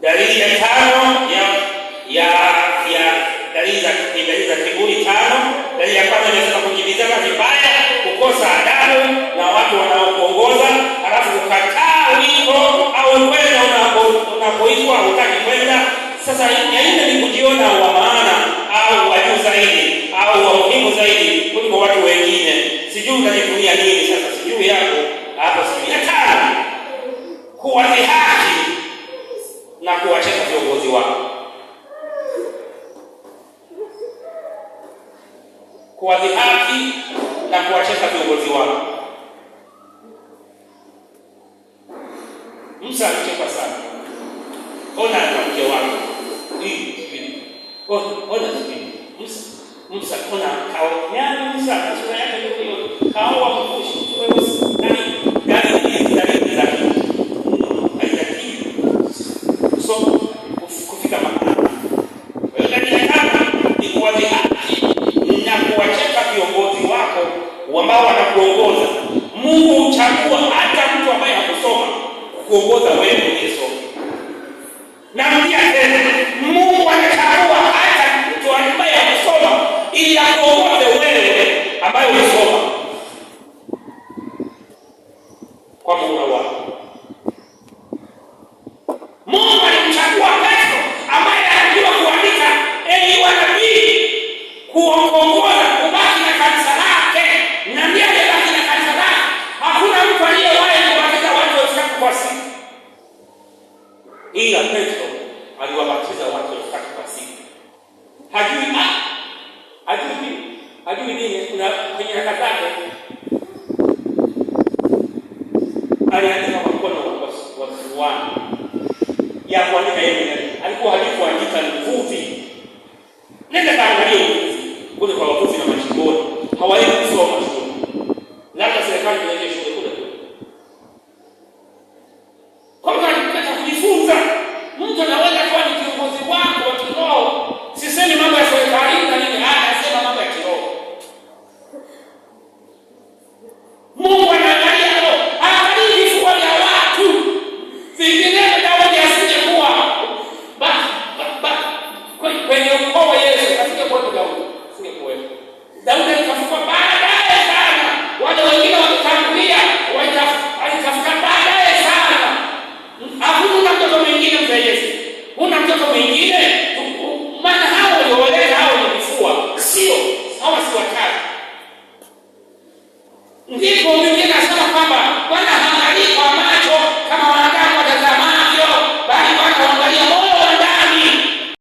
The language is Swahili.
Dalili ya tano ya ya ya dalili za dalili za kiburi tano. Dalili ya kwanza ni kukimbizana vibaya, kukosa ulivyo hutaki kwenda. Sasa yaina ni kujiona wa maana au wa juu zaidi au wa muhimu zaidi kuliko watu wengine, sijui utajivunia nini sasa, sijui yako hapo. Sijui ya tano, kuwadhihaki na kuwacheza viongozi wako, kuwadhihaki na kuwacheza viongozi wako. msa alichekwa ona mke wako hii kipindi, ona kipindi Musa, ona kao yani Musa sura yake ndio hiyo, kao wa mkushi wewe nani ndani ya ndani ya haitaki so kufika mahali wewe ndani ya kama ni kuwadhihaki na kuwacheka viongozi wako ambao wanakuongoza. Mungu uchagua hata mtu ambaye hakusoma kukuongoza wewe uliyesoma. La ila Petro aliwabatiza watu elfu tatu kwa siku. Hajui ah, hajui hajui nini kuna kwenye haraka zake aliandika kwa mkono wa Suana Daudi alitafuta baadaye sana, wale wengine wakitangulia baadaye sana. Hakuna mtoto mwingine mzee mtoto mwingine maana hao hao sio hawa si watatu ndipo